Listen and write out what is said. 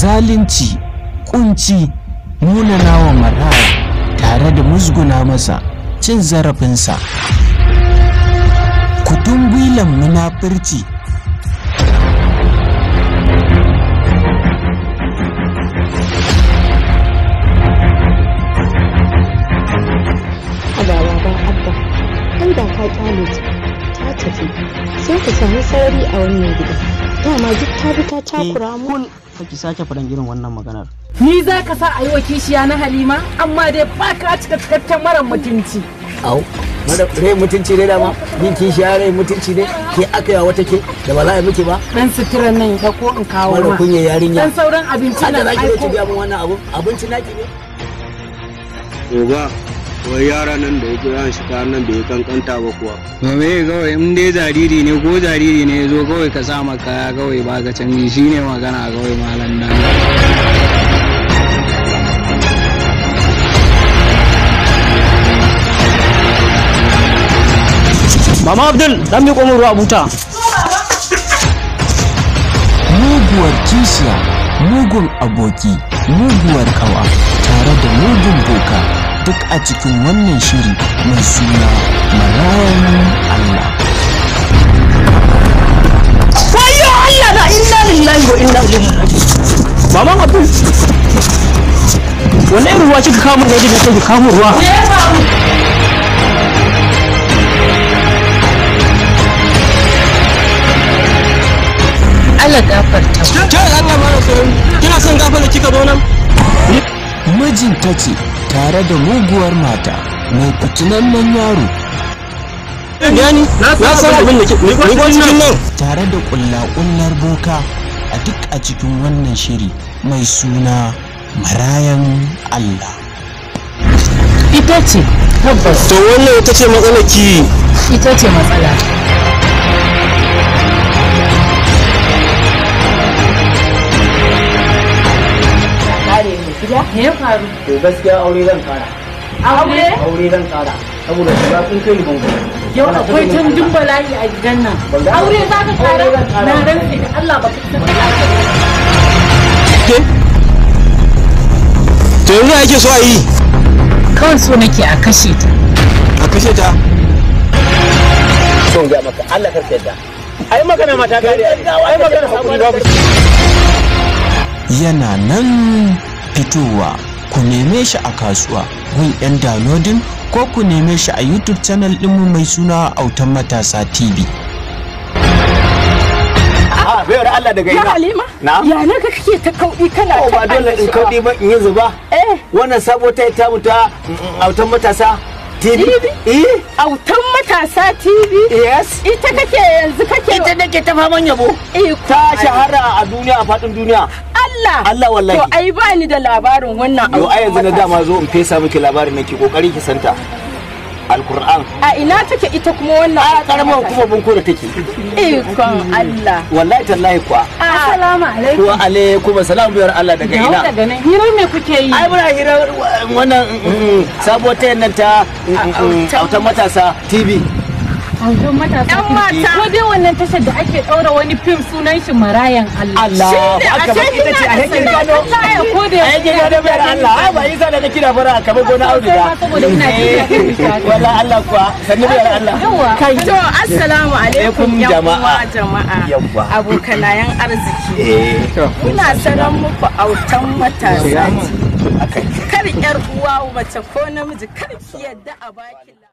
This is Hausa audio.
zalunci kunci wa mara tare da musguna masa cin zarafinsa kudin gwilan munafurci ka ta tafi sai sami sarari a wannan gida. to magi ta bi ta takura eh, mu ki sake faɗan irin wannan maganar ni za ka sa a yi wa kishiya na halima amma dai ba ka cika cikakken mara mutunci au mara rai mutunci dai dama yin kishiya rai mutunci ne ke aka yawa wata da ba za a miki ba dan sutura nan ta ko in kawo ma mara kunya yarinya dan sauran abinci na aiko kada za ki biya mun wannan abu abinci naki ne Oba, wai yara nan da ya kira shi ta nan bai kankanta ba kuwa. Ba me kawai in dai jariri ne ko jariri ne ya zo kawai ka sa kaya kawai ba ka canji shi ne magana kawai malam nan. Mama Abdul dan mi komo ruwa buta. Muguwar kishiya, mugun aboki, muguwar kawa, tare da mugun boka. duk a cikin wannan shiri mai suna marayan Allah. Wayo Allah na inna lillahi wa inna ilaihi raji'un. Maman Abdul. Wannan ruwa kika kamun ne da kike kamun ruwa. Allah ta fara. mijin ta ce tare da muguwar mata mai fitinannen yaro na san abin da ke tare da kullakullar boka a duk a cikin wannan shiri mai suna marayan Allah ita ce tabbas to wannan ita ce matsalar ki ita ce matsala Gida? Me ya faru? To gaskiya aure zan kara. Aure? Aure zan kara. Saboda kai ni Yau akwai bala'i a gidan nan. Aure za ka kara? Na rantsi da Allah ba ka san To yanzu ake so a yi? Kawai so nake a kashe ta. A kashe ta? ga maka Allah yadda. Ai magana mata gari. Ai magana hakuri babu. Yana nan fitowa ku neme shi a kasuwa gun 'yan downloading ko ku neme shi a youtube channel ɗinmu mai suna autan matasa tv ah, bayar Allah daga ina. Halima? Na? Ya na ka kake ta kauɗi kana oh, ta ba dole in kauɗi ba in yi zuba. Eh. Wannan sabo ta ta muta mm, autan matasa TV. Eh. Autan matasa TV. Yes. Ita kake yanzu kake. Ita nake ta faman yabo. Eh, ta shahara a duniya a faɗin duniya. Allah Allah wallahi to ai ba ni da labarin wannan abu ai yanzu na dama zo in fesa miki labarin nake kokari ki santa alkur'an a ina take ita kuma wannan a karamar kuma bunko da take ko Allah wallahi tallahi kwa. Ah. assalamu alaikum wa alaikum assalam biyar Allah daga ina daga nan hirar me kuke yi ai bura hirar wannan mm, mm, mm, sabuwar tayan nan ta autan matasa tv Yan mata. Ko dai wannan tashar da ake ɗaura wani fim sunan shi marayan Allah. Allah. a ba ita ce a yakin gano. Allah ya kode. A yakin gano bayar Allah. Ai ba isa da na kira bara a kamar gona auduga. Eh, Wala Allah kuwa. Sannu bayar Allah. Kai. To assalamu alaikum jama'a. Jama'a. Abokanayen arziki. Eh. Ina sanar muku autan matasa. Kar yar uwa mace ko namiji kar ki yadda a baki.